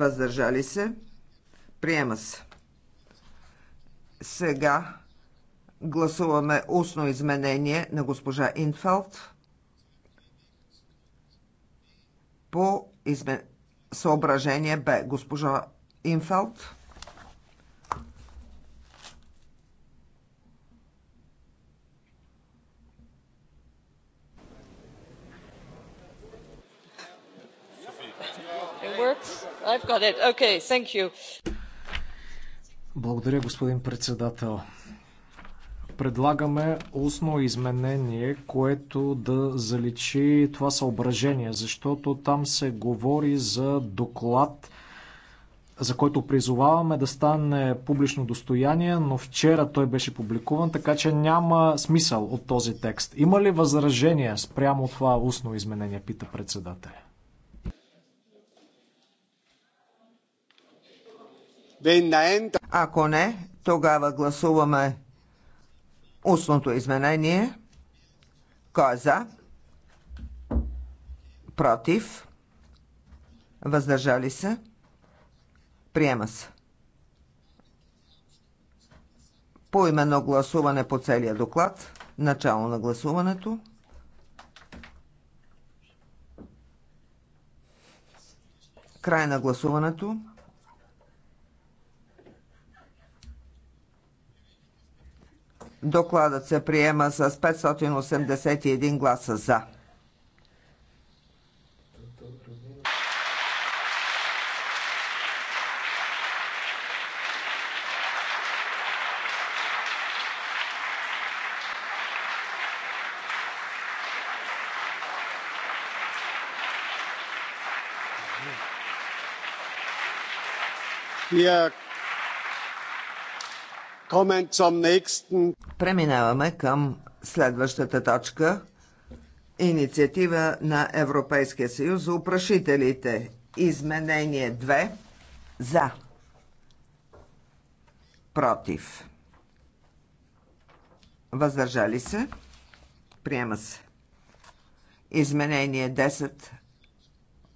въздържали се, приема се. Сега гласуваме устно изменение на госпожа Инфалт по изме... съображение Б. Госпожа Инфалт. Благодаря, господин председател. Предлагаме устно изменение, което да заличи това съображение, защото там се говори за доклад, за който призоваваме да стане публично достояние, но вчера той беше публикуван, така че няма смисъл от този текст. Има ли възражение спрямо това устно изменение, пита председателя? Ако не, тогава гласуваме устното изменение. Кой е за? Против? Въздържали се? Приема се. Поименно гласуване по целия доклад. Начало на гласуването. Край на гласуването. Докладът се приема с 581 гласа за. Yeah. Преминаваме към следващата точка. Инициатива на Европейския съюз за упрашителите. Изменение 2. За. Против. Въздържали се. Приема се. Изменение 10.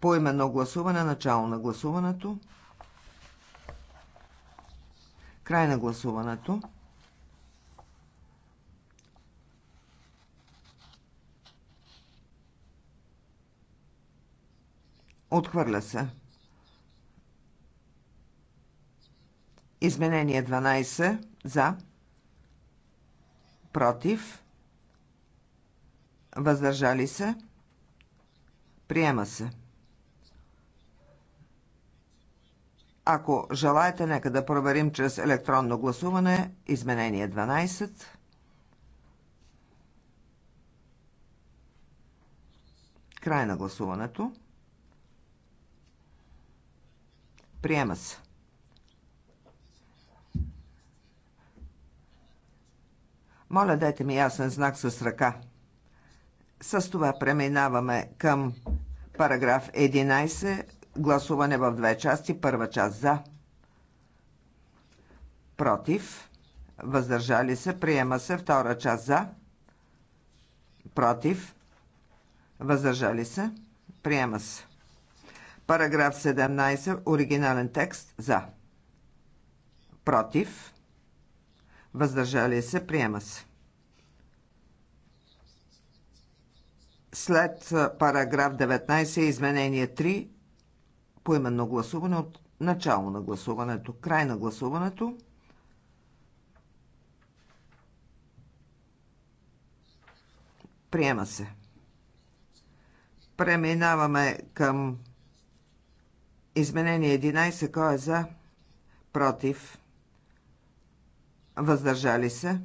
Поименно гласуване. Начало на гласуването. Край на гласуването. Отхвърля се. Изменение 12 за против въздържали се приема се Ако желаете, нека да проверим чрез електронно гласуване изменение 12. Край на гласуването. Приема се. Моля, дайте ми ясен знак с ръка. С това преминаваме към параграф 11 Гласуване в две части. Първа част за. Против. Въздържали се. Приема се. Втора част за. Против. Въздържали се. Приема се. Параграф 17. Оригинален текст. За. Против. Въздържали се. Приема се. След параграф 19 изменение 3 поименно гласуване от начало на гласуването, край на гласуването. Приема се. Преминаваме към изменение 11. Кой е за? Против? Въздържали се?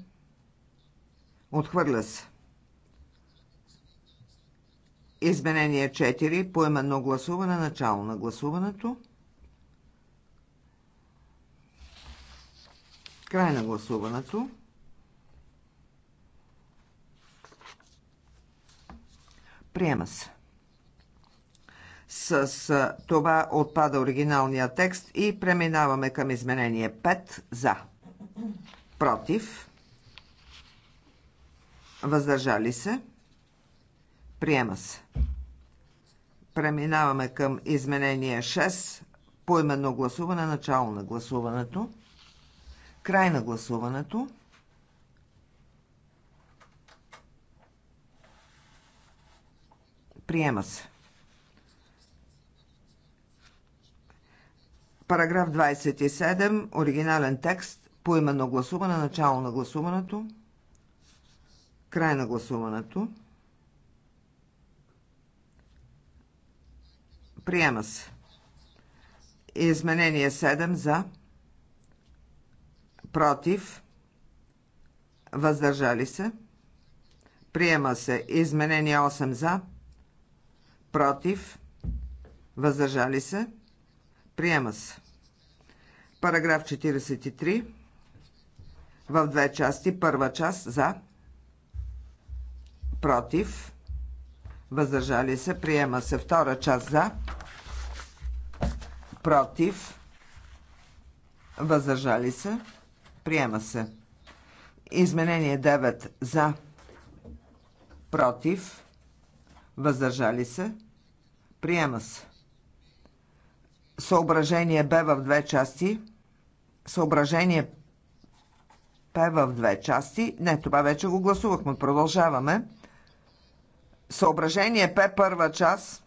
Отхвърля се. Изменение 4. Поименно гласуване. Начало на гласуването. Край на гласуването. Приема се. С това отпада оригиналния текст и преминаваме към изменение 5 за. Против. Въздържали се. Приема се. Преминаваме към изменение 6. Поименно гласуване. Начало на гласуването. Край на гласуването. Приема се. Параграф 27, оригинален текст, поименно гласуване, начало на гласуването, край на гласуването. Приема се. Изменение 7 за. Против. Въздържали се. Приема се. Изменение 8 за. Против. Въздържали се. Приема се. Параграф 43. В две части. Първа част за. Против. Въздържали се. Приема се. Втора част за против, въздържали се, приема се. Изменение 9 за, против, въздържали се, приема се. Съображение Б в две части. Съображение П в две части. Не, това вече го гласувахме. Продължаваме. Съображение П първа част.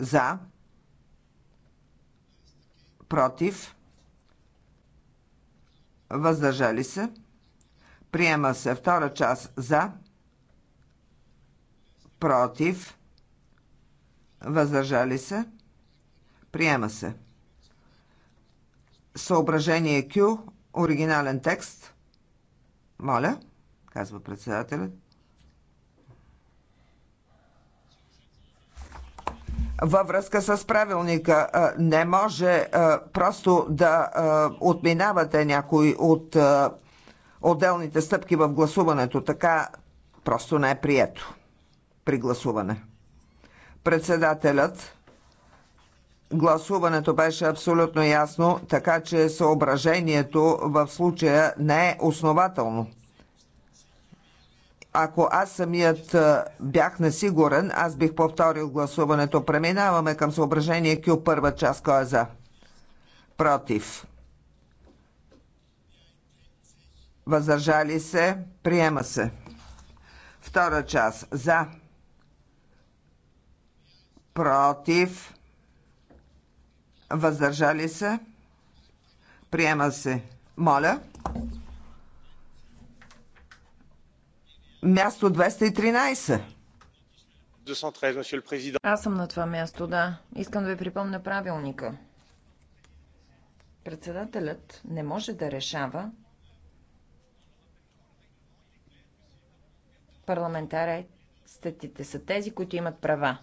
За против, въздържали се. Приема се втора част за, против, въздържали се. Приема се. Съображение Q, оригинален текст. Моля, казва председателят. във връзка с правилника. Не може просто да отминавате някой от отделните стъпки в гласуването. Така просто не е прието при гласуване. Председателят гласуването беше абсолютно ясно, така че съображението в случая не е основателно ако аз самият бях несигурен, аз бих повторил гласуването. Преминаваме към съображение Q първа част. Кой е за? Против. Въздържали се. Приема се. Втора част. За. Против. Въздържали се. Приема се. Моля. място 213. Аз съм на това място, да. Искам да ви припомня правилника. Председателят не може да решава Статите са тези, които имат права.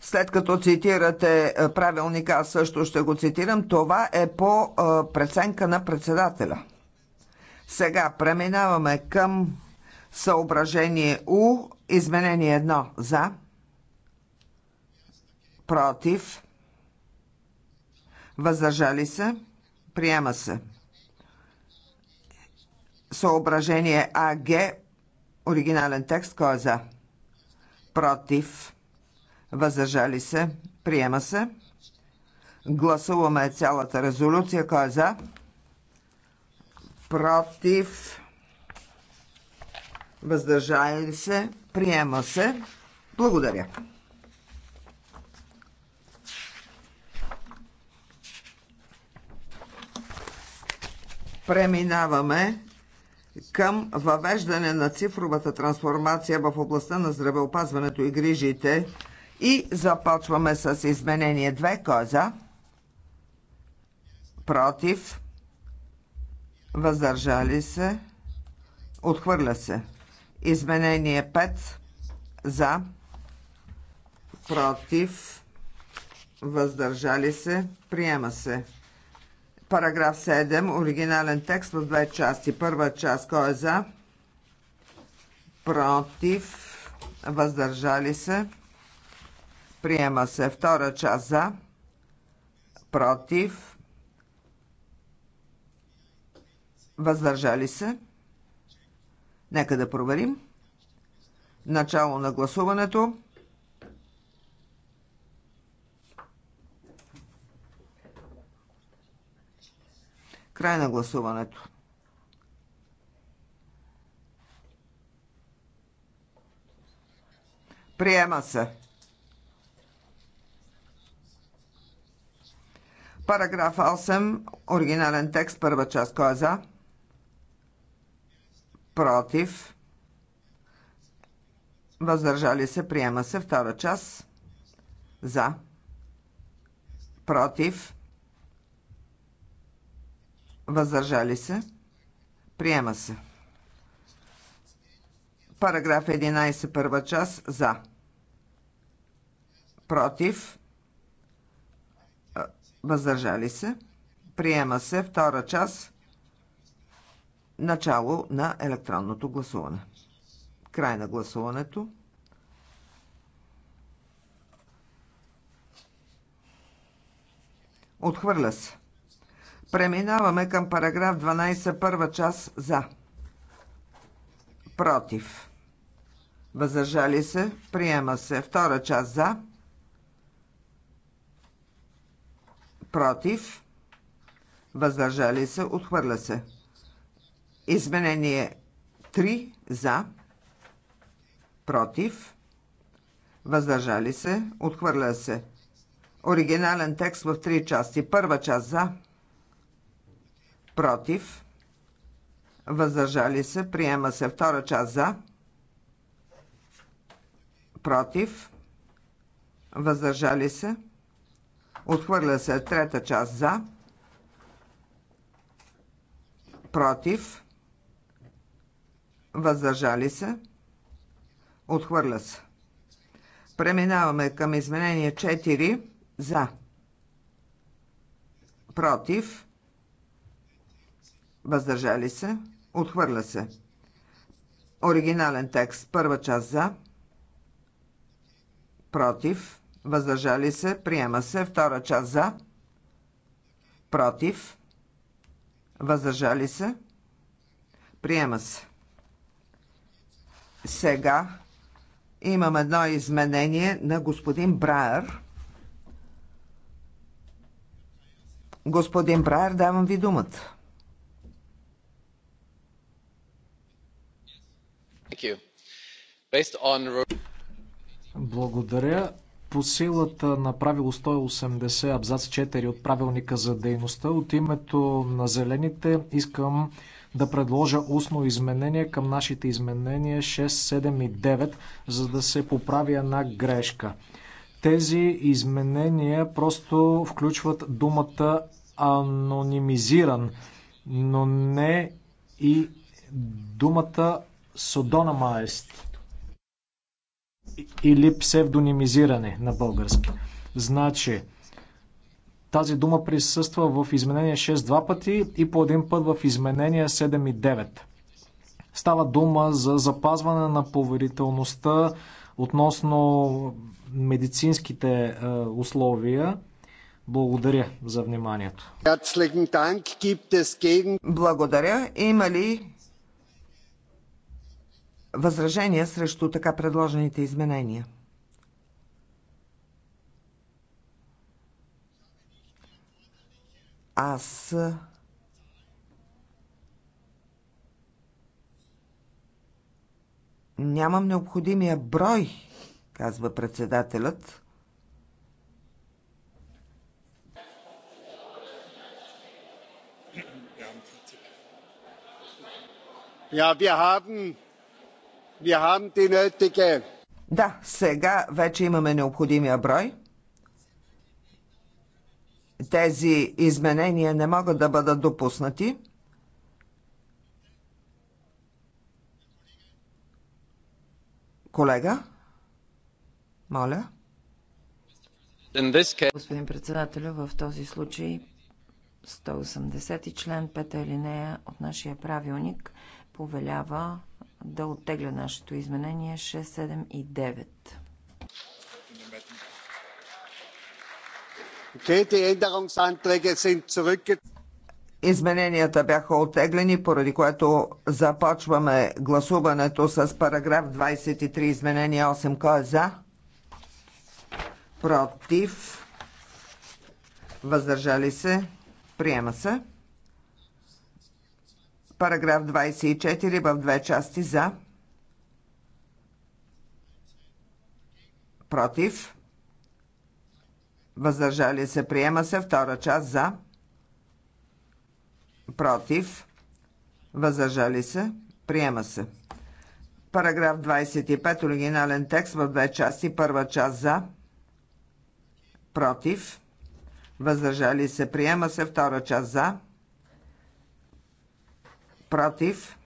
След като цитирате е, правилника, аз също ще го цитирам. Това е по е, преценка на председателя. Сега преминаваме към съображение У, изменение 1 за, против, въздържали се, приема се. Съображение АГ, оригинален текст, кой е за? против, въздържали се, приема се. Гласуваме цялата резолюция. Кой е за? Против, въздържали се, приема се. Благодаря. Преминаваме към въвеждане на цифровата трансформация в областта на здравеопазването и грижите. И започваме с изменение 2. Кой е за? Против? Въздържали се? Отхвърля се. Изменение 5. За? Против? Въздържали се? Приема се. Параграф 7, оригинален текст в две части. Първа част, кой е за? Против. Въздържали се. Приема се втора част за. Против. Въздържали се. Нека да проверим. Начало на гласуването. Край на гласуването. Приема се. Параграф 8, оригинален текст, първа част, кой е за? Против. Въздържали се, приема се, втора част. За. Против. Въздържали се. Приема се. Параграф 11, първа част. За. Против. Въздържали се. Приема се втора част. Начало на електронното гласуване. Край на гласуването. Отхвърля се. Преминаваме към параграф 12, първа част за. Против. Въздържали се. Приема се. Втора част за. Против. Въздържали се. Отхвърля се. Изменение 3 за. Против. Въздържали се. Отхвърля се. Оригинален текст в три части. Първа част за против, въздържали се, приема се втора част за, против, въздържали се, отхвърля се трета част за, против, въздържали се, отхвърля се. Преминаваме към изменение 4 за, против, въздържали се, отхвърля се. Оригинален текст, първа част за, против, въздържали се, приема се, втора част за, против, въздържали се, приема се. Сега имам едно изменение на господин Браер. Господин Браер, давам ви думата. Благодаря. По силата на правило 180 абзац 4 от правилника за дейността, от името на зелените искам да предложа устно изменение към нашите изменения 6, 7 и 9, за да се поправи една грешка. Тези изменения просто включват думата анонимизиран, но не и думата Содона е или псевдонимизиране на български. Значи, тази дума присъства в изменение 6 два пъти и по един път в изменение 7 и 9. Става дума за запазване на поверителността относно медицинските е, условия. Благодаря за вниманието. Благодаря. Има ли възражения срещу така предложените изменения? Аз Нямам необходимия брой, казва председателят. Ja, wir haben да, сега вече имаме необходимия брой. Тези изменения не могат да бъдат допуснати. Колега? Моля. Господин председател, в този случай 180 член, 5 алинея от нашия правилник повелява да оттегля нашето изменение 6, 7 и 9. Измененията бяха оттеглени, поради което започваме гласуването с параграф 23, изменение 8. Кой е за? Против? Въздържали се? Приема се. Параграф 24 в две части за. Против. Въздържали се. Приема се. Втора част за. Против. Въздържали се. Приема се. Параграф 25. Оригинален текст в две части. Първа част за. Против. Въздържали се. Приема се. Втора част за против,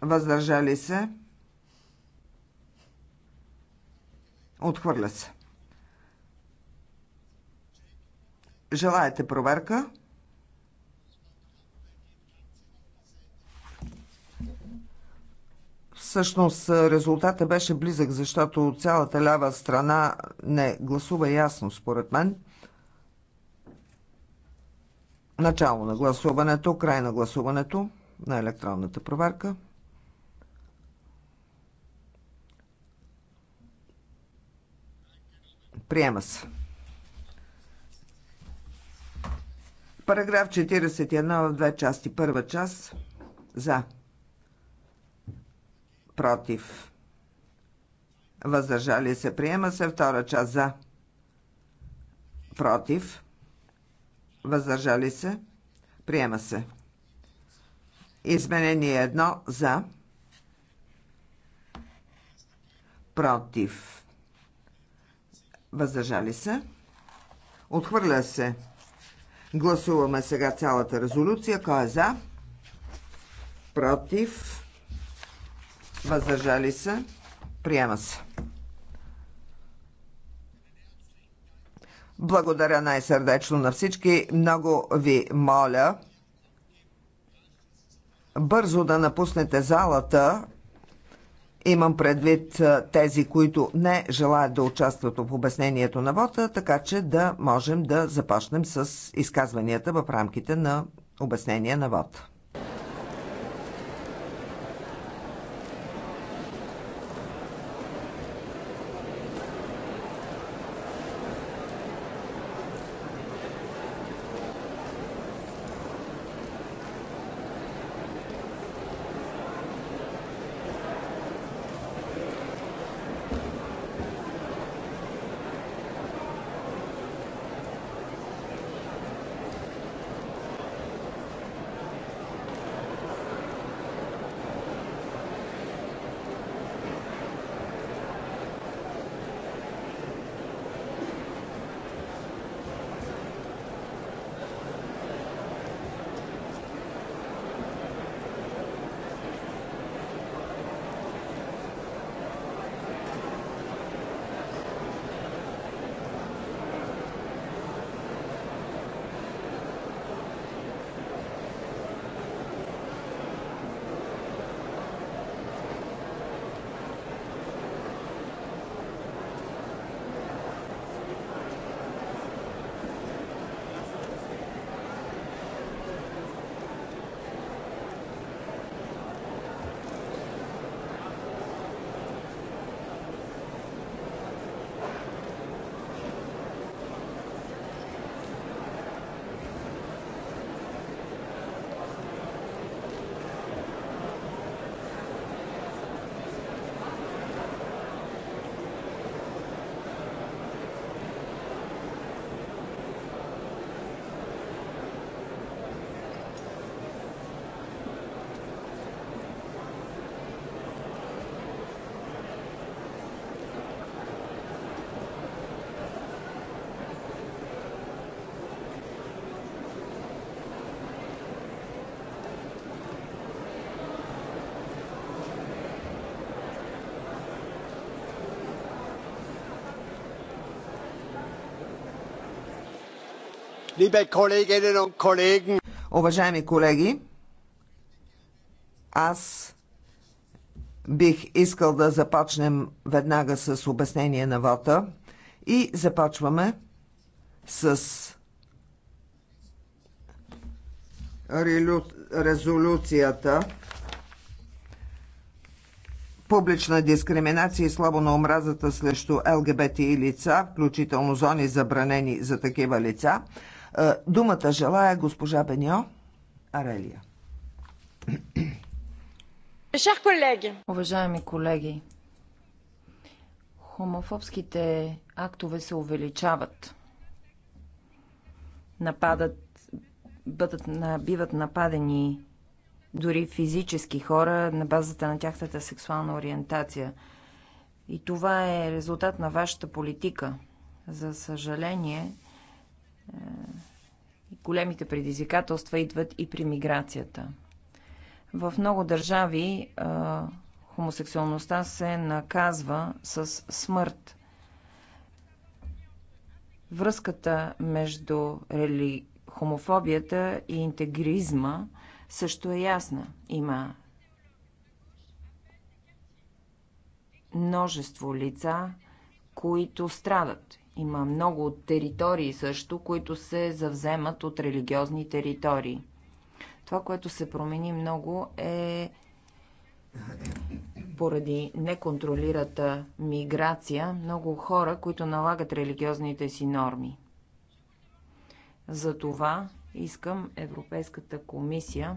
въздържали се, отхвърля се. Желаете проверка? Всъщност резултата беше близък, защото цялата лява страна не гласува ясно, според мен. Начало на гласуването, край на гласуването на електронната проверка. Приема се. Параграф 41 в две части. Първа част за. Против. Въздържали се. Приема се. Втора част за. Против въздържали се, приема се. Изменение едно за, против, въздържали се, отхвърля се. Гласуваме сега цялата резолюция. Кой е за? Против? Въздържали се? Приема се. Благодаря най-сърдечно на всички. Много ви моля бързо да напуснете залата. Имам предвид тези, които не желаят да участват в обяснението на вота, така че да можем да започнем с изказванията в рамките на обяснение на вода. Уважаеми колеги, аз бих искал да започнем веднага с обяснение на вота и започваме с резолюцията публична дискриминация и слабо на омразата срещу и лица, включително зони забранени за такива лица. Е, думата желая госпожа Беньо Арелия. Уважаеми колеги, хомофобските актове се увеличават. Нападат, бъдат, биват нападени дори физически хора на базата на тяхната сексуална ориентация. И това е резултат на вашата политика. За съжаление, Големите предизвикателства идват и при миграцията. В много държави а, хомосексуалността се наказва с смърт. Връзката между рели... хомофобията и интегризма също е ясна. Има множество лица, които страдат има много територии също, които се завземат от религиозни територии. Това, което се промени много е поради неконтролирата миграция, много хора, които налагат религиозните си норми. Затова искам Европейската комисия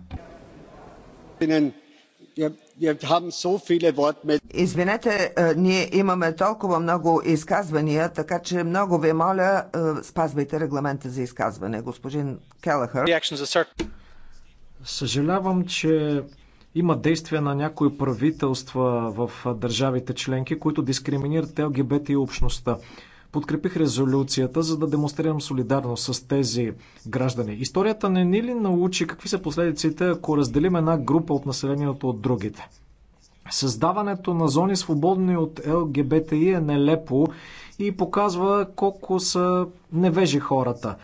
Извинете, е, ние имаме толкова много изказвания, така че много ви моля, е, спазвайте регламента за изказване. Господин Келахър. Съжалявам, че има действия на някои правителства в е, държавите членки, които дискриминират ЛГБТ и общността подкрепих резолюцията, за да демонстрирам солидарност с тези граждани. Историята не ни ли научи какви са последиците, ако разделим една група от населението от другите? Създаването на зони свободни от ЛГБТИ е нелепо и показва колко са невежи хората.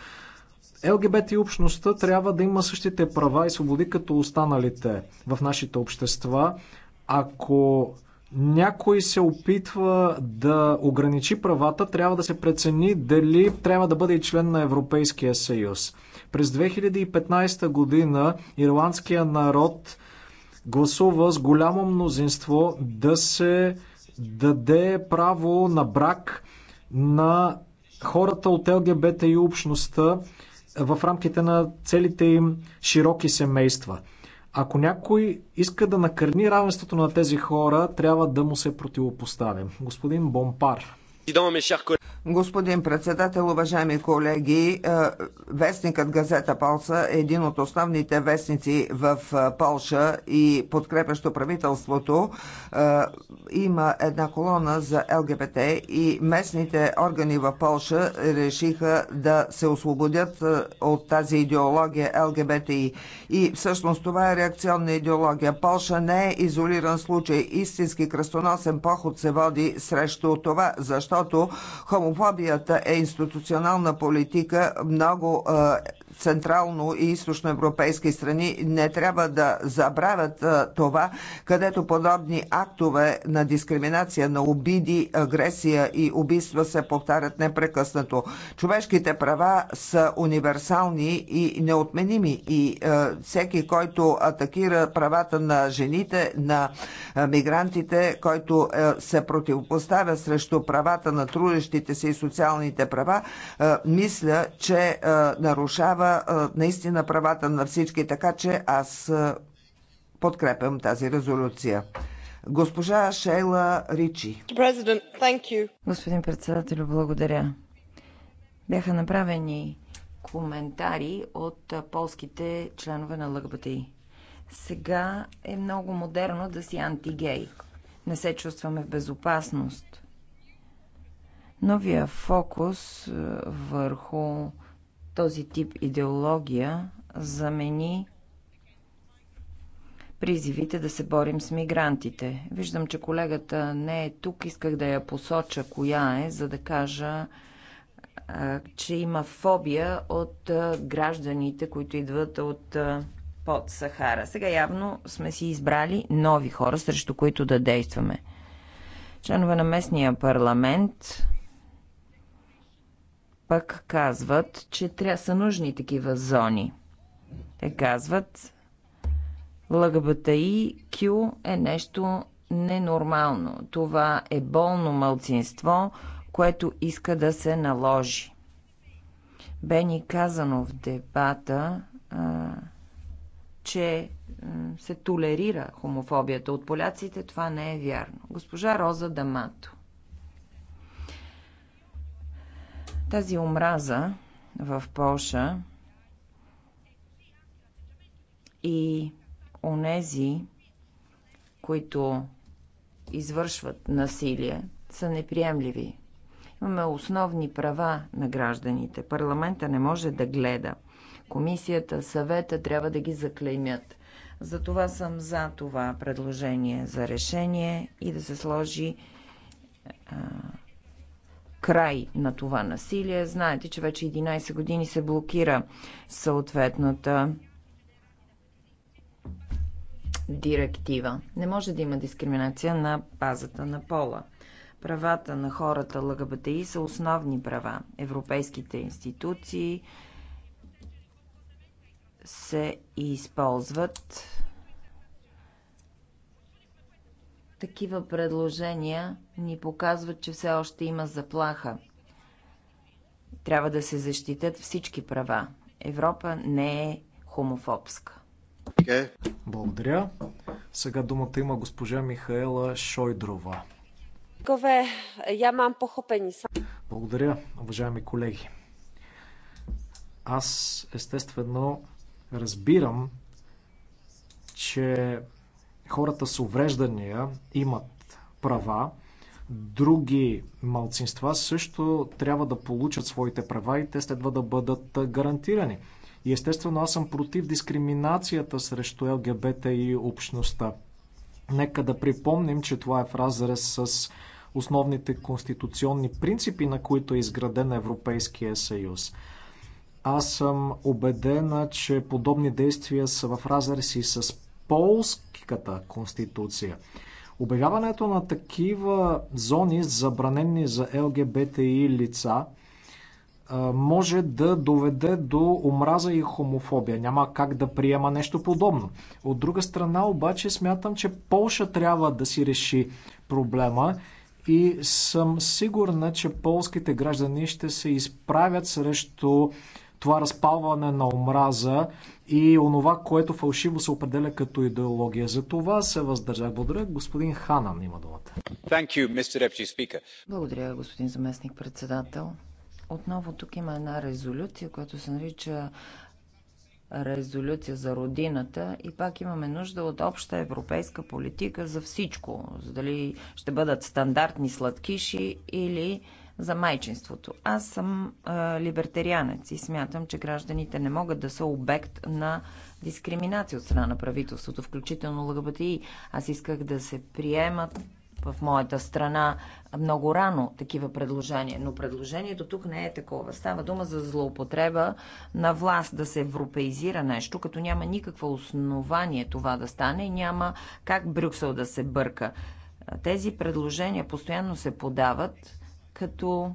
ЛГБТ и общността трябва да има същите права и свободи като останалите в нашите общества. Ако някой се опитва да ограничи правата, трябва да се прецени дали трябва да бъде и член на Европейския съюз. През 2015 година ирландския народ гласува с голямо мнозинство да се даде право на брак на хората от ЛГБТ и общността в рамките на целите им широки семейства. Ако някой иска да накърни равенството на тези хора, трябва да му се противопоставим. Господин Бомпар Господин председател, уважаеми колеги, е, вестникът Газета Полса е един от основните вестници в е, Полша и подкрепящо правителството. Е, има една колона за ЛГБТ и местните органи в Полша решиха да се освободят от тази идеология ЛГБТИ. И всъщност това е реакционна идеология. Полша не е изолиран случай. Истински кръстоносен поход се води срещу това, защото защото хомофобията е институционална политика, много е, централно и източноевропейски страни не трябва да забравят това, където подобни актове на дискриминация, на обиди, агресия и убийства се повтарят непрекъснато. Човешките права са универсални и неотменими и всеки, който атакира правата на жените, на мигрантите, който се противопоставя срещу правата на трудещите се и социалните права, мисля, че нарушава защитава наистина правата на всички, така че аз подкрепям тази резолюция. Госпожа Шейла Ричи. Господин председател, благодаря. Бяха направени коментари от полските членове на ЛГБТИ. Сега е много модерно да си антигей. Не се чувстваме в безопасност. Новия фокус върху този тип идеология замени призивите да се борим с мигрантите. Виждам, че колегата не е тук. Исках да я посоча коя е, за да кажа, че има фобия от гражданите, които идват от под Сахара. Сега явно сме си избрали нови хора, срещу които да действаме. Членове на местния парламент пък казват, че трябва са нужни такива зони. Те казват, ЛГБТИ Q е нещо ненормално. Това е болно мълцинство, което иска да се наложи. Бе ни казано в дебата, а, че се толерира хомофобията от поляците. Това не е вярно. Госпожа Роза Дамато. Тази омраза в Польша и онези, които извършват насилие, са неприемливи. Имаме основни права на гражданите. Парламента не може да гледа. Комисията, съвета трябва да ги заклеймят. Затова съм за това предложение за решение и да се сложи а, край на това насилие. Знаете, че вече 11 години се блокира съответната директива. Не може да има дискриминация на базата на пола. Правата на хората ЛГБТИ са основни права. Европейските институции се използват Такива предложения ни показват, че все още има заплаха. Трябва да се защитят всички права. Европа не е хомофобска. Okay. Е. Благодаря. Сега думата има госпожа Михаела Шойдрова. похопени Благодаря, уважаеми колеги. Аз естествено разбирам, че хората с увреждания имат права, други малцинства също трябва да получат своите права и те следва да бъдат гарантирани. И естествено аз съм против дискриминацията срещу ЛГБТ и общността. Нека да припомним, че това е в разрез с основните конституционни принципи, на които е изграден Европейския съюз. Аз съм убедена, че подобни действия са в разрез и с полската конституция. Обявяването на такива зони, забранени за ЛГБТИ лица, може да доведе до омраза и хомофобия. Няма как да приема нещо подобно. От друга страна, обаче, смятам, че Полша трябва да си реши проблема и съм сигурна, че полските граждани ще се изправят срещу това разпалване на омраза и онова, което фалшиво се определя като идеология. За това се въздържах. Благодаря. Господин Ханан има думата. You, Благодаря, господин заместник председател. Отново тук има една резолюция, която се нарича резолюция за родината и пак имаме нужда от обща европейска политика за всичко. За дали ще бъдат стандартни сладкиши или за майчинството. Аз съм а, либертарианец и смятам, че гражданите не могат да са обект на дискриминация от страна на правителството, включително ЛГБТИ. Аз исках да се приемат в моята страна много рано такива предложения. Но предложението тук не е такова. Става дума за злоупотреба на власт, да се европеизира нещо, като няма никакво основание това да стане и няма как Брюксел да се бърка. Тези предложения постоянно се подават като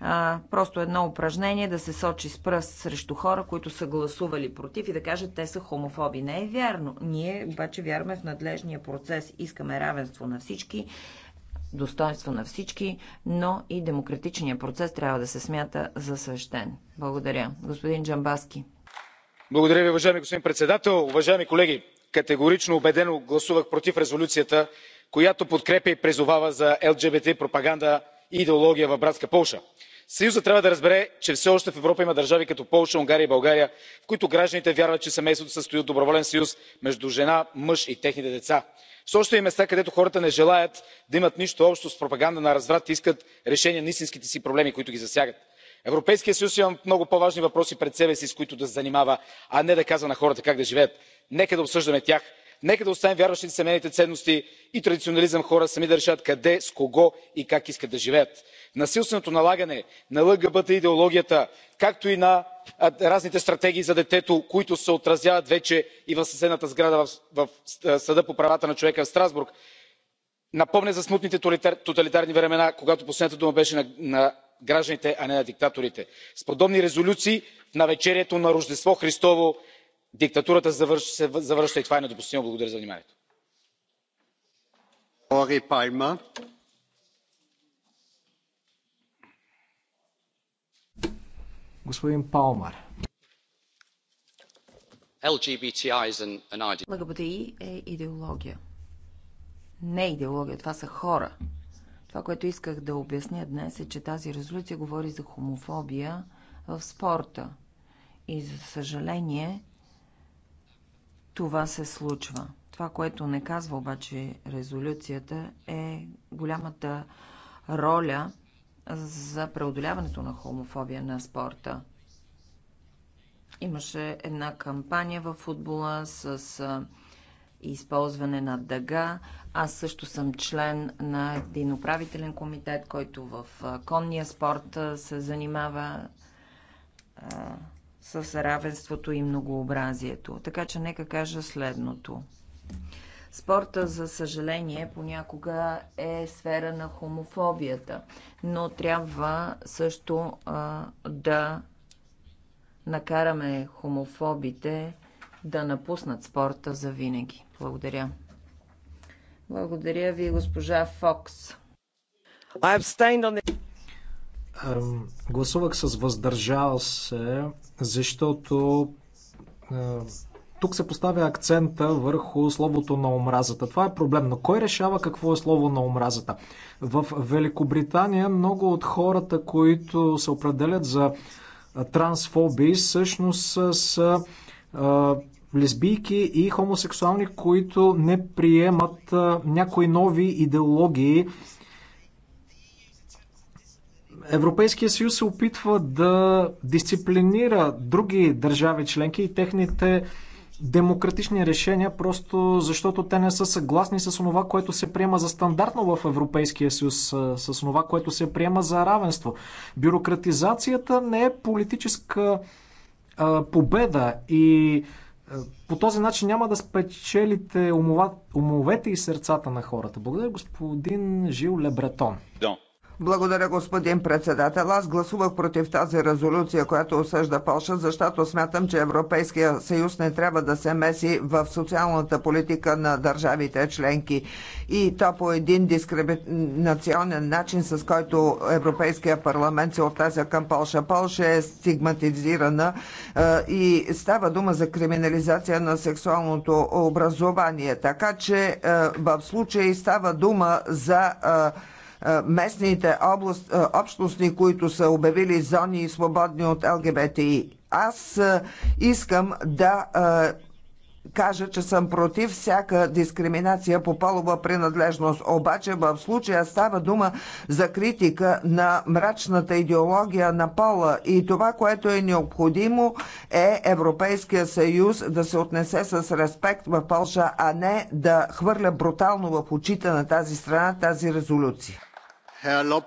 а, просто едно упражнение да се сочи с пръст срещу хора, които са гласували против и да кажат, те са хомофоби. Не е вярно. Ние обаче вярваме в надлежния процес. Искаме равенство на всички, достоинство на всички, но и демократичния процес трябва да се смята за свещен. Благодаря. Господин Джамбаски. Благодаря ви, уважаеми господин председател, уважаеми колеги категорично убедено гласувах против резолюцията която подкрепя и призовава за лгбт пропаганда и идеология в братска полша. съюзът трябва да разбере че все още в европа има държави като полша унгария и българия в които гражданите вярват че семейството се състои от доброволен съюз между жена мъж и техните деца. все още има места където хората не желаят да имат нищо общо с пропаганда на разврат и искат решение на истинските си проблеми които ги засягат европейският съюз има много по важни въпроси пред себе си с които да се занимава а не да казва на хората как да живеят. нека да обсъждаме тях нека да оставим вярващите в семейните ценности и традиционализъм хора сами да решават къде с кого и как искат да живеят. насилственото налагане на лгбт идеологията както и на разните стратегии за детето които се отразяват вече и в съседната сграда в съда по правата на човека в страсбург напомня за смутните тоталитарни времена когато последната дума беше на гражданите а не на диктаторите. с подобни резолюции в навечерието на рождество христово диктатурата се завръща и това е недопустимо. благодаря за вниманието. лгбти е идеология не идеология, това са хора. Това, което исках да обясня днес е, че тази резолюция говори за хомофобия в спорта. И за съжаление, това се случва. Това, което не казва обаче резолюцията, е голямата роля за преодоляването на хомофобия на спорта. Имаше една кампания в футбола с и използване на дъга. Аз също съм член на един управителен комитет, който в конния спорт се занимава а, с равенството и многообразието. Така че нека кажа следното. Спорта, за съжаление, понякога е сфера на хомофобията, но трябва също а, да накараме хомофобите да напуснат спорта за винаги. Благодаря. Благодаря ви, госпожа Фокс. Гласувах с въздържал се, защото тук се поставя акцента върху словото на омразата. Това е проблем, но кой решава какво е слово на омразата? В Великобритания много от хората, които се определят за трансфобии, всъщност са лесбийки и хомосексуални, които не приемат някои нови идеологии. Европейския съюз се опитва да дисциплинира други държави членки и техните демократични решения, просто защото те не са съгласни с това, което се приема за стандартно в Европейския съюз, с това, което се приема за равенство. Бюрократизацията не е политическа победа и по този начин няма да спечелите умовете и сърцата на хората. Благодаря господин Жил Лебретон. Да. Благодаря, господин председател. Аз гласувах против тази резолюция, която осъжда Польша, защото смятам, че Европейския съюз не трябва да се меси в социалната политика на държавите членки и то по един дискриминационен начин, с който Европейския парламент се отнася към Польша. Польша е стигматизирана е, и става дума за криминализация на сексуалното образование. Така че е, в случай става дума за е, местните област, общности, които са обявили зони свободни от ЛГБТИ. Аз искам да кажа, че съм против всяка дискриминация по полова принадлежност. Обаче в случая става дума за критика на мрачната идеология на пола и това, което е необходимо е Европейския съюз да се отнесе с респект в Полша, а не да хвърля брутално в очите на тази страна тази резолюция señor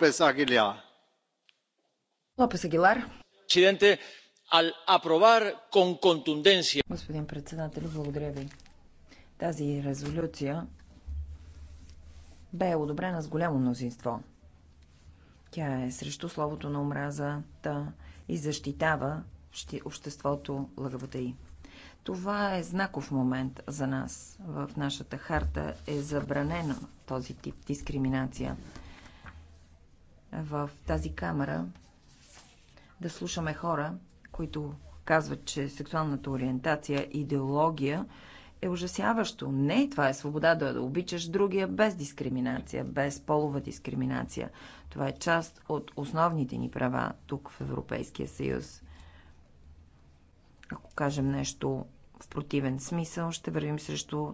presidente al aprobar con contundencia. господин председателю благодаря ви. тази резолюция бе одобрена с голямо мнозинство. Тя е срещу словото на омразата и защитава обществото ЛГБТИ. Това е знаков момент за нас. В нашата харта е забранено този тип дискриминация в тази камера да слушаме хора, които казват, че сексуалната ориентация и идеология е ужасяващо. Не, това е свобода да, да обичаш другия без дискриминация, без полова дискриминация. Това е част от основните ни права тук в Европейския съюз. Ако кажем нещо в противен смисъл, ще вървим срещу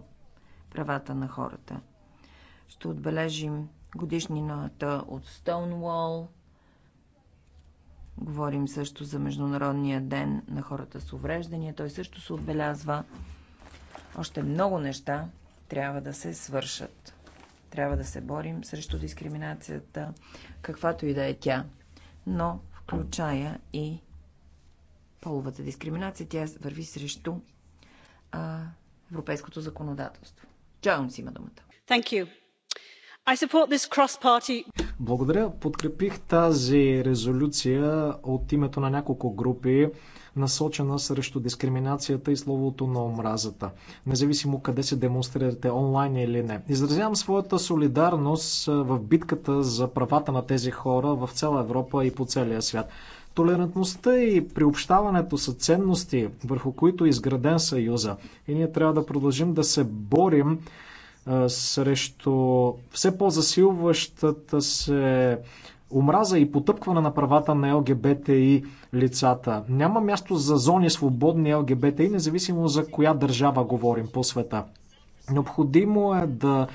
правата на хората. Ще отбележим годишнината от Стоунуол. Говорим също за Международния ден на хората с увреждания. Той също се отбелязва. Още много неща трябва да се свършат. Трябва да се борим срещу дискриминацията, каквато и да е тя. Но включая и половата дискриминация. Тя върви срещу а, европейското законодателство. Джонс има думата. Thank you. Благодаря. Подкрепих тази резолюция от името на няколко групи, насочена срещу дискриминацията и словото на омразата, независимо къде се демонстрирате, онлайн или не. Изразявам своята солидарност в битката за правата на тези хора в цяла Европа и по целия свят. Толерантността и приобщаването са ценности, върху които е изграден Съюза. И ние трябва да продължим да се борим срещу все по-засилващата се омраза и потъпкване на правата на ЛГБТ и лицата. Няма място за зони свободни ЛГБТ, и независимо за коя държава говорим по света. Необходимо е да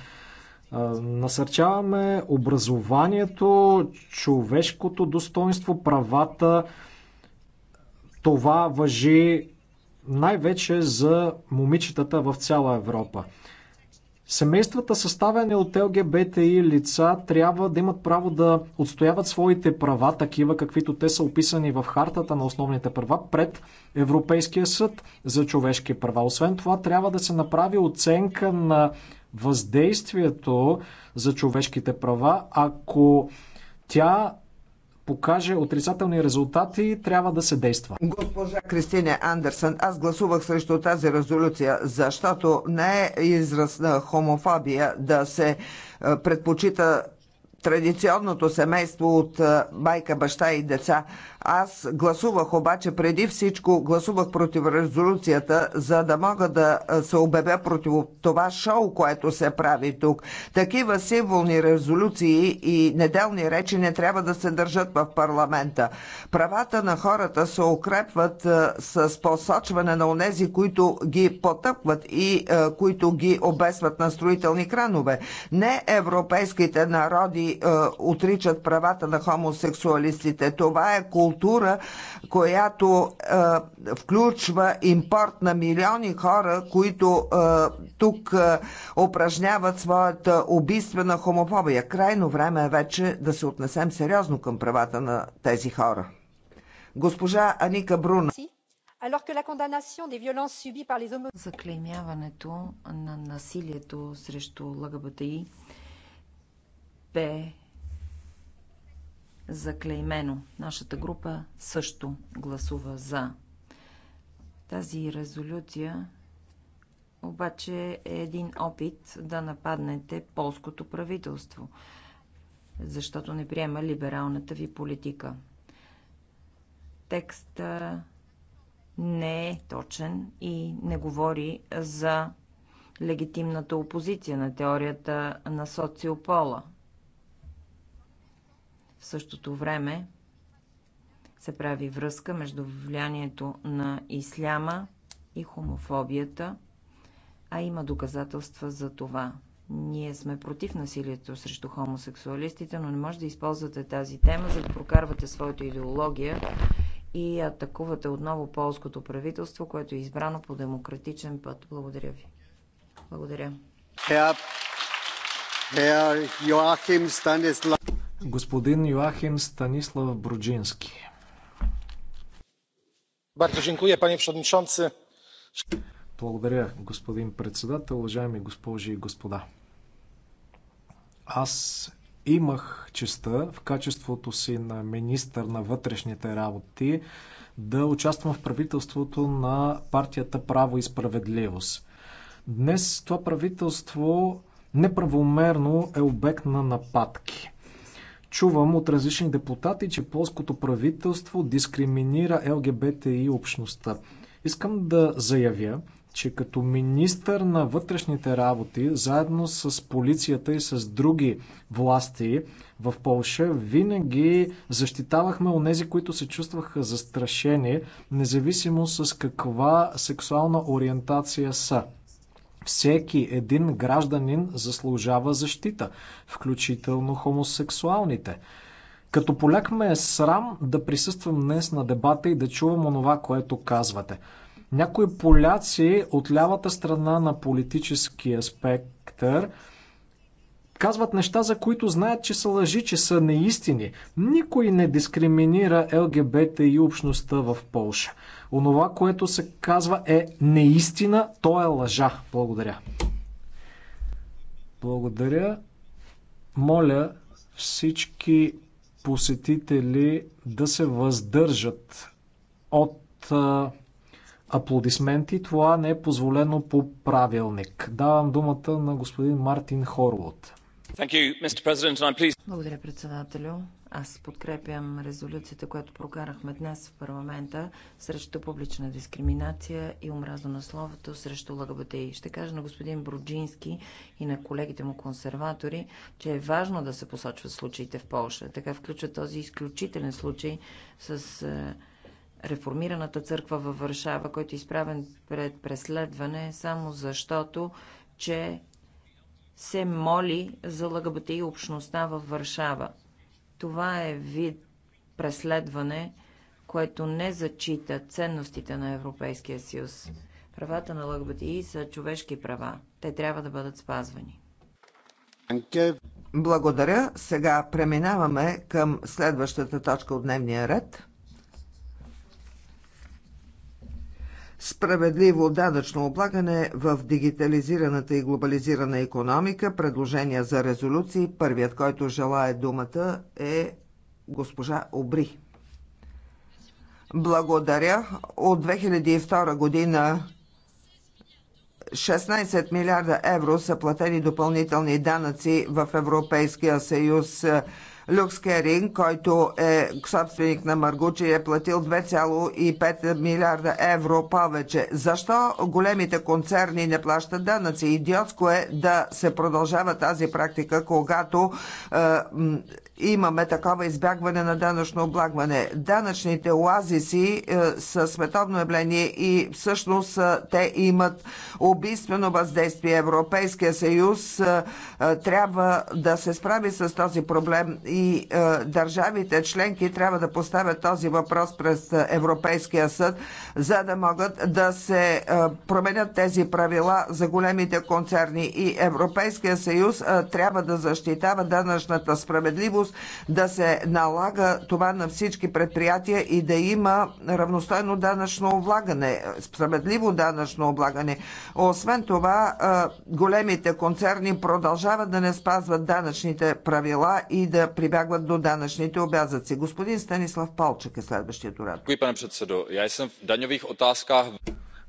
насърчаваме образованието, човешкото достоинство, правата. Това въжи най-вече за момичетата в цяла Европа. Семействата, съставени от и лица, трябва да имат право да отстояват своите права, такива каквито те са описани в Хартата на основните права, пред Европейския съд за човешки права. Освен това, трябва да се направи оценка на въздействието за човешките права, ако тя покаже отрицателни резултати, трябва да се действа. Госпожа Кристина Андерсън, аз гласувах срещу тази резолюция, защото не е израз на хомофобия да се е, предпочита традиционното семейство от майка, баща и деца. Аз гласувах обаче преди всичко, гласувах против резолюцията, за да мога да се обявя против това шоу, което се прави тук. Такива символни резолюции и неделни речи не трябва да се държат в парламента. Правата на хората се укрепват с посочване на онези, които ги потъпват и които ги обесват на строителни кранове. Не европейските народи е, отричат правата на хомосексуалистите. Това е култура, която е, включва импорт на милиони хора, които е, тук е, упражняват своята убийствена хомофобия. Крайно време е вече да се отнесем сериозно към правата на тези хора. Госпожа Аника Бруна. Заклеймяването на насилието срещу ЛГБТИ бе заклеймено. Нашата група също гласува за. Тази резолюция обаче е един опит да нападнете полското правителство, защото не приема либералната ви политика. Текста не е точен и не говори за легитимната опозиция на теорията на социопола. В същото време се прави връзка между влиянието на исляма и хомофобията, а има доказателства за това. Ние сме против насилието срещу хомосексуалистите, но не може да използвате тази тема, за да прокарвате своята идеология и атакувате отново полското правителство, което е избрано по демократичен път. Благодаря ви. Благодаря. Herr Joachim Stanislav Господин Йоахим Станислав Бруджински. Bardzo dziękuję, panie przewodniczący. Благодаря, господин председател, уважаеми госпожи и господа. Аз имах честа в качеството си на министър на вътрешните работи да участвам в правителството на партията Право и справедливост. Днес това правителство неправомерно е обект на нападки. Чувам от различни депутати, че полското правителство дискриминира ЛГБТИ общността. Искам да заявя, че като министър на вътрешните работи, заедно с полицията и с други власти в Полша, винаги защитавахме онези, които се чувстваха застрашени, независимо с каква сексуална ориентация са. Всеки един гражданин заслужава защита, включително хомосексуалните. Като поляк ме е срам да присъствам днес на дебата и да чувам онова, което казвате. Някои поляци от лявата страна на политическия спектър – казват неща, за които знаят, че са лъжи, че са неистини. Никой не дискриминира ЛГБТ и общността в Полша. Онова, което се казва е неистина, то е лъжа. Благодаря. Благодаря. Моля всички посетители да се въздържат от аплодисменти. Това не е позволено по правилник. Давам думата на господин Мартин Хорлот. Благодаря, председателю. Аз подкрепям резолюцията, която прокарахме днес в парламента срещу публична дискриминация и омраза на словото срещу ЛГБТИ. Ще кажа на господин Бруджински и на колегите му консерватори, че е важно да се посочват случаите в Польша. Така включва този изключителен случай с е, реформираната църква във Варшава, който е изправен пред преследване само защото че се моли за и общността във Варшава. Това е вид преследване, което не зачита ценностите на Европейския съюз. Правата на ЛГБТ са човешки права. Те трябва да бъдат спазвани. Благодаря. Сега преминаваме към следващата точка от дневния ред. справедливо данъчно облагане в дигитализираната и глобализирана економика, предложения за резолюции. Първият, който желая думата е госпожа Обри. Благодаря. От 2002 година 16 милиарда евро са платени допълнителни данъци в Европейския съюз. Люкс Керинг, който е собственик на Маргучи, е платил 2,5 милиарда евро повече. Защо големите концерни не плащат данъци? Идиотско е да се продължава тази практика, когато е, имаме такова избягване на данъчно облагване. Данъчните оазиси е, са световно явление и всъщност е, те имат убийствено въздействие. Европейския съюз е, е, трябва да се справи с този проблем и е, държавите членки трябва да поставят този въпрос през е, Европейския съд, за да могат да се е, променят тези правила за големите концерни. И Европейския съюз е, трябва да защитава данъчната справедливост, да се налага това на всички предприятия и да има равностойно данъчно облагане, справедливо данъчно облагане. Освен това, е, големите концерни продължават да не спазват данъчните правила и да прибягват до данъчните обязаци. Господин Станислав Палчек е следващият оратор.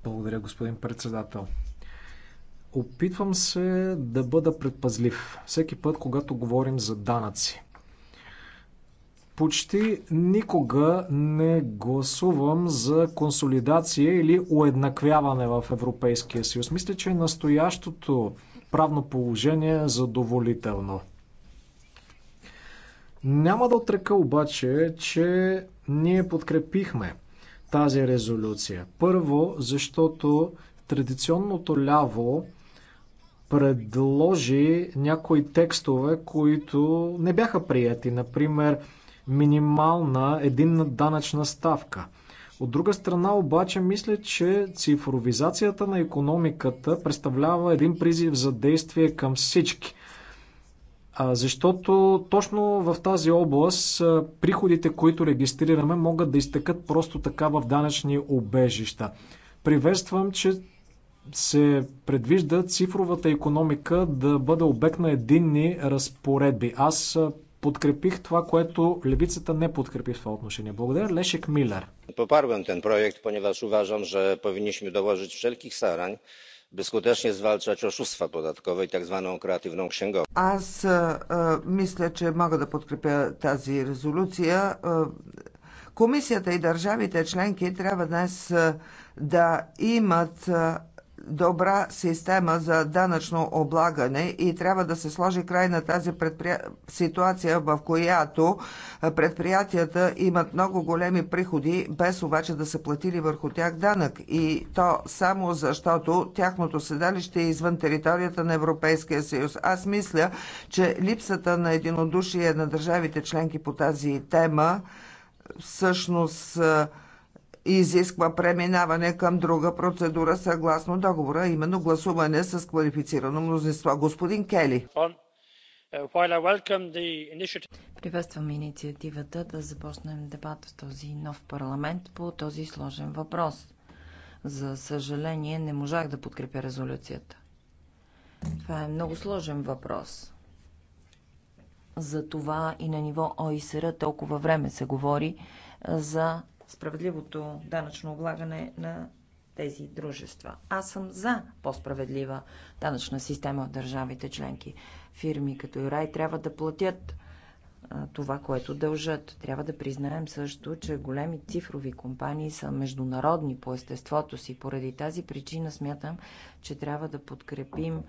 Благодаря, господин председател. Опитвам се да бъда предпазлив всеки път, когато говорим за данъци. Почти никога не гласувам за консолидация или уеднаквяване в Европейския съюз. Мисля, че настоящото правно положение е задоволително. Няма да отрека обаче, че ние подкрепихме тази резолюция. Първо, защото традиционното ляво предложи някои текстове, които не бяха прияти. Например, минимална единна данъчна ставка. От друга страна обаче мисля, че цифровизацията на економиката представлява един призив за действие към всички. Защото точно в тази област приходите, които регистрираме, могат да изтекат просто така в данъчни обежища. Приветствам, че се предвижда цифровата економика да бъде обект на единни разпоредби. Аз подкрепих това, което левицата не подкрепи в това отношение. Благодаря, Лешек Милер. проект, ten уважам, че uważam, że да dołożyć wszelkich starań, by skutecznie zwalczać oszustwa podatkowe i tak zwaną kreatywną księgowość. Аз мисля, че мога да подкрепя тази резолюция. Комисията и държавите членки трябва днес да имат добра система за данъчно облагане и трябва да се сложи край на тази предприя... ситуация, в която предприятията имат много големи приходи, без обаче да са платили върху тях данък. И то само защото тяхното седалище е извън територията на Европейския съюз. Аз мисля, че липсата на единодушие на държавите членки по тази тема всъщност изисква преминаване към друга процедура съгласно договора, именно гласуване с квалифицирано мнозинство. Господин Кели. Е, Приветствам инициативата да започнем дебат в този нов парламент по този сложен въпрос. За съжаление, не можах да подкрепя резолюцията. Това е много сложен въпрос. За това и на ниво ОИСР толкова време се говори за справедливото данъчно облагане на тези дружества. Аз съм за по-справедлива данъчна система от държавите членки. Фирми като Юрай трябва да платят това, което дължат. Трябва да признаем също, че големи цифрови компании са международни по естеството си. Поради тази причина смятам, че трябва да подкрепим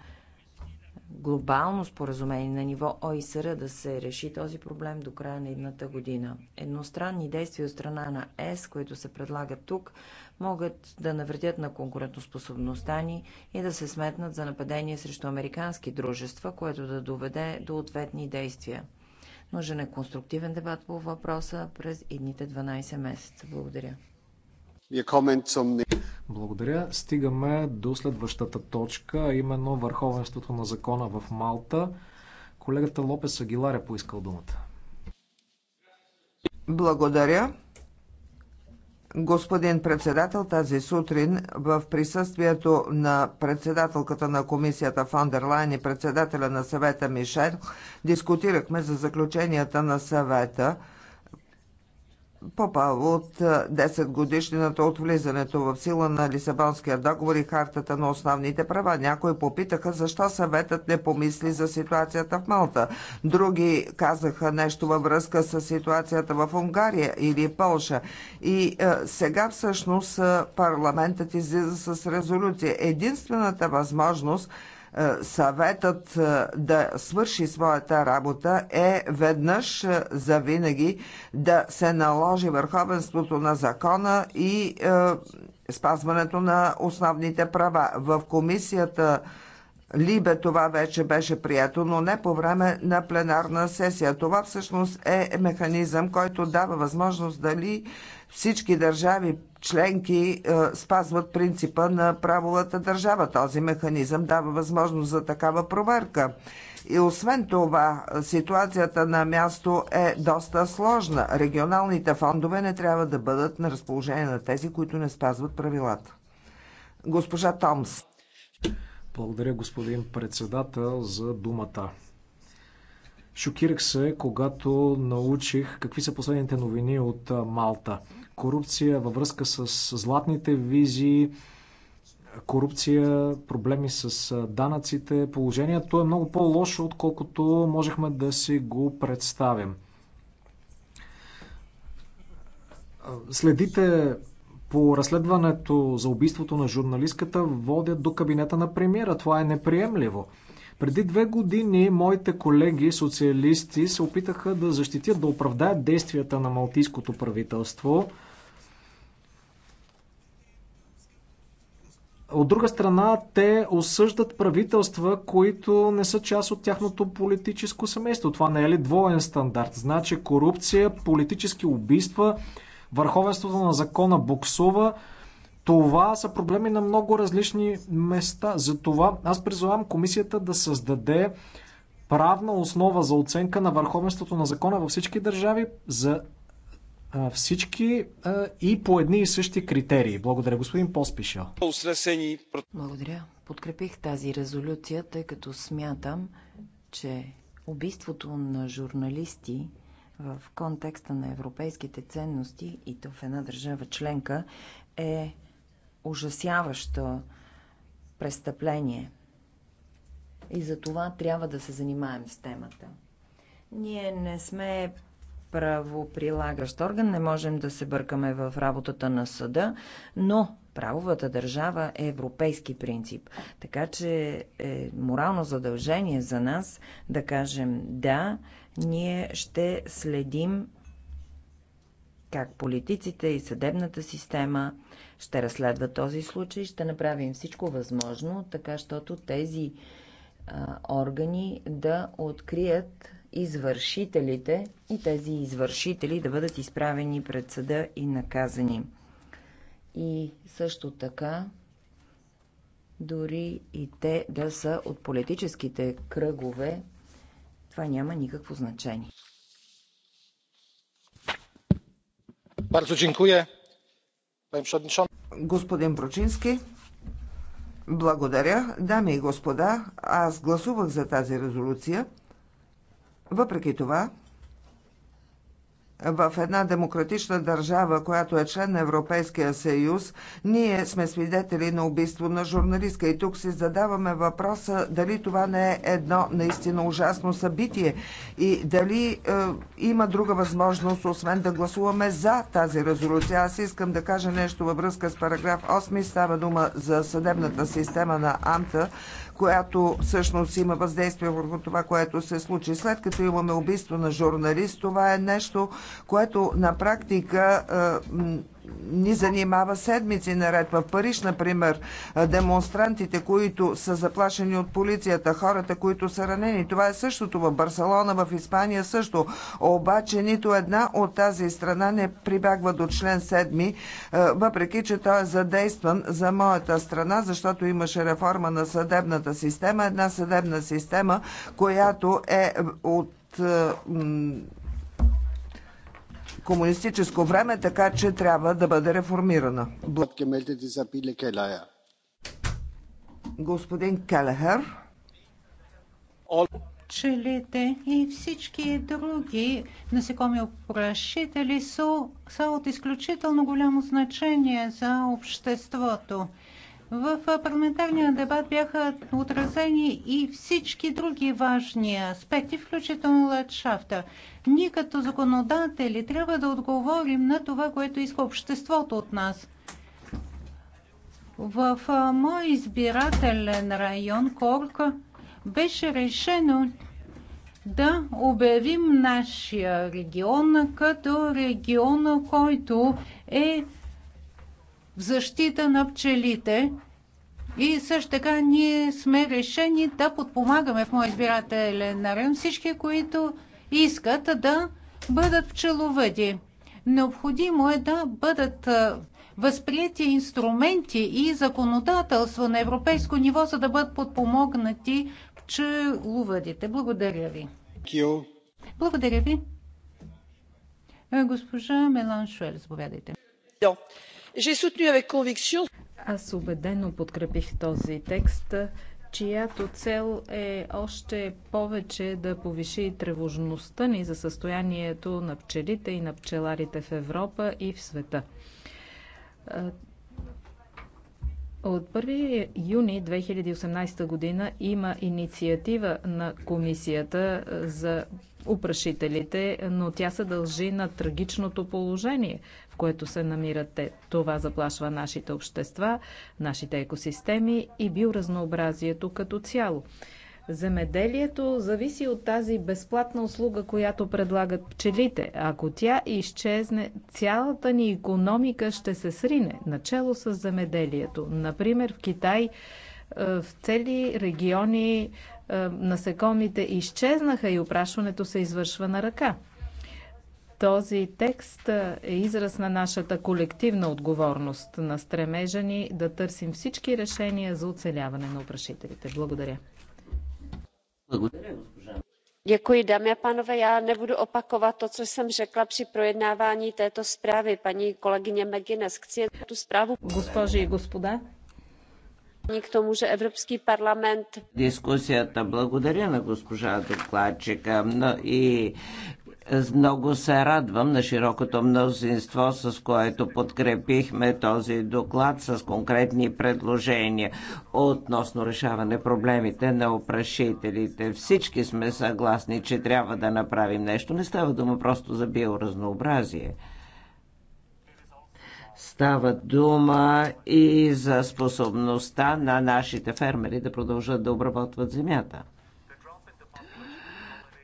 глобално споразумение на ниво ОИСР да се реши този проблем до края на едната година. Едностранни действия от страна на ЕС, които се предлагат тук, могат да навредят на конкурентоспособността ни и да се сметнат за нападение срещу американски дружества, което да доведе до ответни действия. Нужен е конструктивен дебат по въпроса през едните 12 месеца. Благодаря. Благодаря. Стигаме до следващата точка, а именно върховенството на закона в Малта. Колегата Лопес Агилар е поискал думата. Благодаря. Господин председател, тази сутрин в присъствието на председателката на комисията Фандерлайн и председателя на съвета Мишел дискутирахме за заключенията на съвета – по от 10 годишнината от влизането в сила на Лисабонския договор и хартата на основните права. Някои попитаха защо съветът не помисли за ситуацията в Малта. Други казаха нещо във връзка с ситуацията в Унгария или Полша. И е, сега всъщност парламентът излиза с резолюция. Единствената възможност съветът е, да свърши своята работа е веднъж е, за винаги да се наложи върховенството на закона и е, спазването на основните права. В комисията Либе това вече беше прието, но не по време на пленарна сесия. Това всъщност е механизъм, който дава възможност дали всички държави членки е, спазват принципа на правовата държава. Този механизъм дава възможност за такава проверка. И освен това, ситуацията на място е доста сложна. Регионалните фондове не трябва да бъдат на разположение на тези, които не спазват правилата. Госпожа Томс. Благодаря, господин председател, за думата. Шокирах се, когато научих какви са последните новини от Малта. Корупция във връзка с златните визи, корупция, проблеми с данъците. Положението е много по-лошо, отколкото можехме да си го представим. Следите по разследването за убийството на журналистката водят до кабинета на премиера. Това е неприемливо. Преди две години моите колеги социалисти се опитаха да защитят, да оправдаят действията на малтийското правителство. От друга страна, те осъждат правителства, които не са част от тяхното политическо семейство. Това не е ли двоен стандарт? Значи корупция, политически убийства, върховенството на закона буксува. Това са проблеми на много различни места. Затова аз призовам комисията да създаде правна основа за оценка на върховенството на закона във всички държави за всички и по едни и същи критерии. Благодаря, господин Поспишел. Благодаря. Подкрепих тази резолюция, тъй като смятам, че убийството на журналисти в контекста на европейските ценности и то в една държава членка е ужасяващо престъпление. И за това трябва да се занимаем с темата. Ние не сме правоприлагащ орган, не можем да се бъркаме в работата на съда, но правовата държава е европейски принцип. Така че е морално задължение за нас да кажем да ние ще следим как политиците и съдебната система ще разследват този случай, ще направим всичко възможно, така щото тези а, органи да открият извършителите и тези извършители да бъдат изправени пред съда и наказани. И също така, дори и те да са от политическите кръгове, това няма никакво значение. Господин Прочински, благодаря. Дами и господа, аз гласувах за тази резолюция. Въпреки това, в една демократична държава, която е член на Европейския съюз, ние сме свидетели на убийство на журналистка. И тук си задаваме въпроса дали това не е едно наистина ужасно събитие и дали е, има друга възможност, освен да гласуваме за тази резолюция. Аз искам да кажа нещо във връзка с параграф 8. Става дума за съдебната система на АМТА която всъщност има въздействие върху това, което се случи. След като имаме убийство на журналист, това е нещо, което на практика е, ни занимава седмици наред. В Париж, например, демонстрантите, които са заплашени от полицията, хората, които са ранени. Това е същото в Барселона, в Испания също. Обаче нито една от тази страна не прибягва до член 7, е, въпреки че той е задействан за моята страна, защото имаше реформа на съдебната система. Една съдебна система, която е от е, комунистическо време, така че трябва да бъде реформирана. Господин Келехер. Пчелите и всички други насекоми опрашители са, са от изключително голямо значение за обществото. В парламентарния дебат бяха отразени и всички други важни аспекти, включително ландшафта. Ние като законодатели трябва да отговорим на това, което иска обществото от нас. В мой избирателен район Корк беше решено да обявим нашия регион като регион, който е в защита на пчелите. И също така ние сме решени да подпомагаме в моят избирателен район всички, които искат да бъдат пчеловъди. Необходимо е да бъдат възприяти инструменти и законодателство на европейско ниво, за да бъдат подпомогнати пчеловъдите. Благодаря ви. Благодаря ви. Госпожа Мелан Шуел, заповядайте. Аз убедено подкрепих този текст, чиято цел е още повече да повиши тревожността ни за състоянието на пчелите и на пчеларите в Европа и в света. От 1 юни 2018 година има инициатива на комисията за опрашителите, но тя се дължи на трагичното положение, в което се намират те. Това заплашва нашите общества, нашите екосистеми и биоразнообразието като цяло. Земеделието зависи от тази безплатна услуга, която предлагат пчелите. Ако тя изчезне, цялата ни економика ще се срине, начало с земеделието. Например, в Китай е, в цели региони е, насекомите изчезнаха и опрашването се извършва на ръка. Този текст е израз на нашата колективна отговорност на стремежа ни да търсим всички решения за оцеляване на опрашителите. Благодаря. Благодаря, госпожа. Děkuji, dámy a pánové. Já nebudu opakovat to, co jsem řekla při projednávání této zprávy. Paní kolegyně McGuinness, chci tu zprávu... Госпожи и господа, К тому же Европейски парламент. Дискусията благодаря на госпожа докладчика но и много се радвам на широкото мнозинство, с което подкрепихме този доклад с конкретни предложения относно решаване проблемите на опрашителите. Всички сме съгласни, че трябва да направим нещо. Не става дума просто за биоразнообразие. Става дума и за способността на нашите фермери да продължат да обработват земята.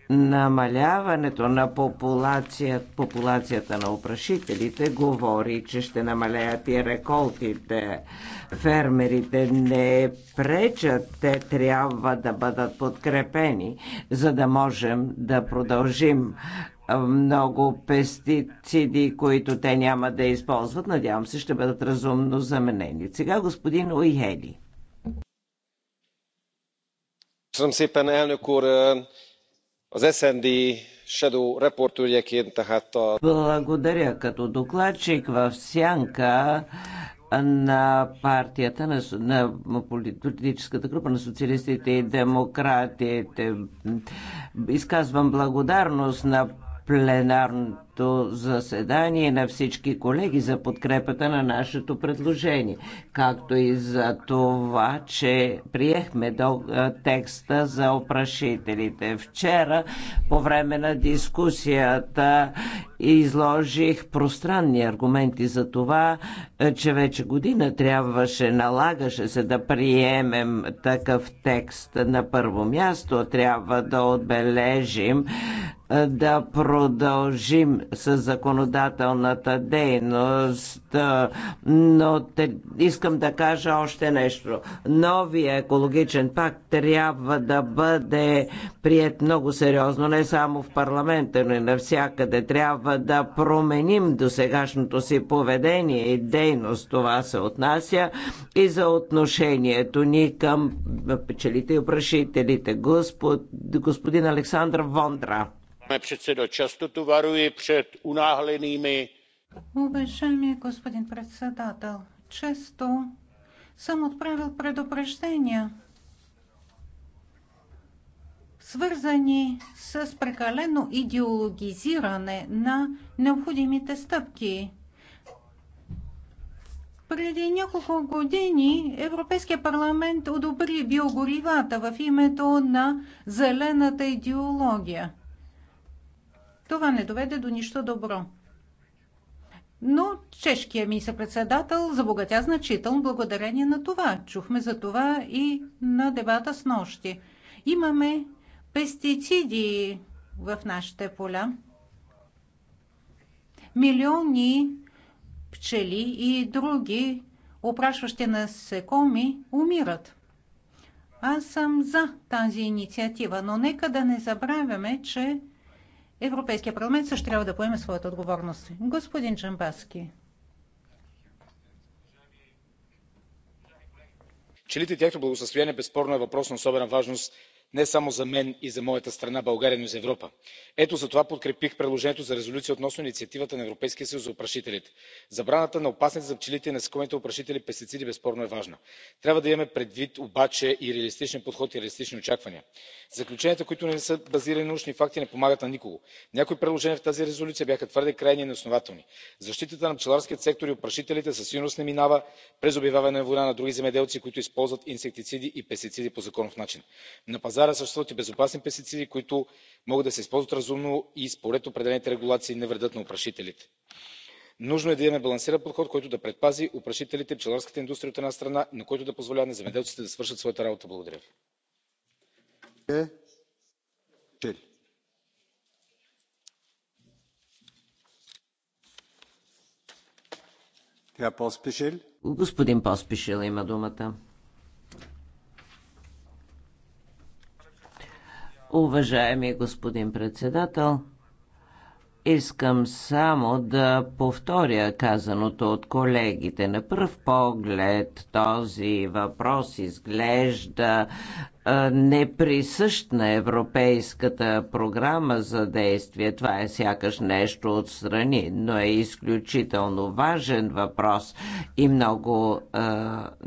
Намаляването на популация, популацията на опрашителите говори, че ще намаляят и реколтите. Фермерите не пречат, те трябва да бъдат подкрепени, за да можем да продължим много пестициди, които те няма да използват. Надявам се, ще бъдат разумно заменени. Сега господин Уихели. Köszönöm szépen, elnök úr! Az SND shadow tehát a... Благодаря като докладчик в Сянка на партията, на, на политическата група на социалистите и демократите. Изказвам благодарност на пленарно пленарното заседание на всички колеги за подкрепата на нашето предложение, както и за това, че приехме до текста за опрашителите. Вчера по време на дискусията изложих пространни аргументи за това, че вече година трябваше, налагаше се да приемем такъв текст. На първо място трябва да отбележим да продължим с законодателната дейност, но те, искам да кажа още нещо. Новия екологичен пакт трябва да бъде прият много сериозно, не само в парламента, но и навсякъде. Трябва да променим досегашното си поведение и дейност. Това се отнася и за отношението ни към печелите и опрашителите. Господ, господин Александър Вондра pane předsedo často tu varuji před unáhlenými. Уважаеми господин председател, често съм отправил предупреждения, свързани с прекалено идеологизиране на необходимите стъпки. Преди няколко години Европейския парламент одобри биогоривата в името на зелената идеология. Това не доведе до нищо добро. Но чешкият се председател забогатя значително благодарение на това. Чухме за това и на дебата с нощи. Имаме пестициди в нашите поля. Милиони пчели и други опрашващи насекоми умират. Аз съм за тази инициатива, но нека да не забравяме, че Европейския парламент също трябва да поеме своята отговорност. Господин Джамбаски. пчелите и тяхното благосъстояние е безспорно е въпрос на особена важност не само за мен и за моята страна българия но и за европа. ето затова подкрепих предложението за резолюция относно инициативата на европейския съюз за опрашителите. забраната на опасните за пчелите и насекомите опрашители пестициди безспорно е важна. трябва да имаме предвид обаче и реалистичен подход и реалистични очаквания. заключенията които не са базирани на научни факти не помагат на никого. някои предложения в тази резолюция бяха твърде крайни и неоснователни. защитата на пчеларския сектор и опрашителите със сигурност не минава през обявяване на война на други земеделци които използват инсектициди и пестициди по законов начин пазара съществуват и безопасни пестициди които могат да се използват разумно и според определените регулации не вредят на опрашителите. нужно е да имаме балансиран подход който да предпази опрашителите и пчеларската индустрия от една страна но който да позволява на земеделците да свършат своята работа. благодаря ви. има думата. Уважаеми господин председател, Искам само да повторя казаното от колегите. На пръв поглед този въпрос изглежда неприсъщ на европейската програма за действие. Това е сякаш нещо отстрани, но е изключително важен въпрос и много е,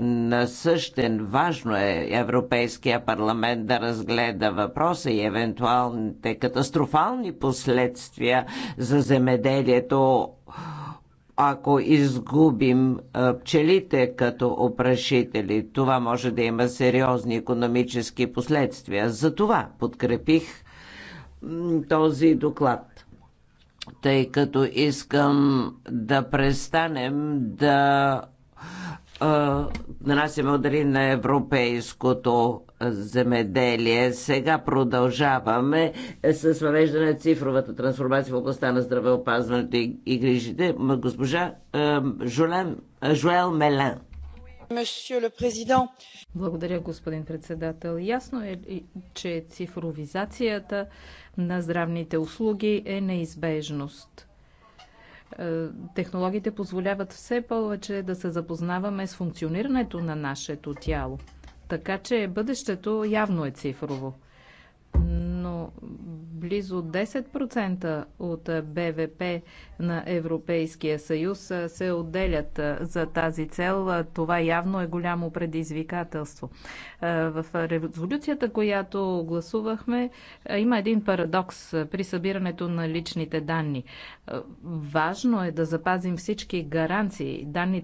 насъщен. Важно е Европейския парламент да разгледа въпроса и евентуалните катастрофални последствия за земеделието ако изгубим пчелите като опрашители, това може да има сериозни економически последствия. Затова подкрепих този доклад, тъй като искам да престанем да нанасяме удари на европейското земеделие. Сега продължаваме е, с въвеждане на цифровата трансформация в областта на здравеопазването и, грижите. Госпожа е, Жолен, е, Жуел Мелен. Благодаря, господин председател. Ясно е, че цифровизацията на здравните услуги е неизбежност. Технологиите позволяват все повече да се запознаваме с функционирането на нашето тяло. Така че бъдещето явно е цифрово. Но близо 10% от БВП на Европейския съюз се отделят за тази цел. Това явно е голямо предизвикателство. В резолюцията, която гласувахме, има един парадокс при събирането на личните данни. Важно е да запазим всички гаранции. Данните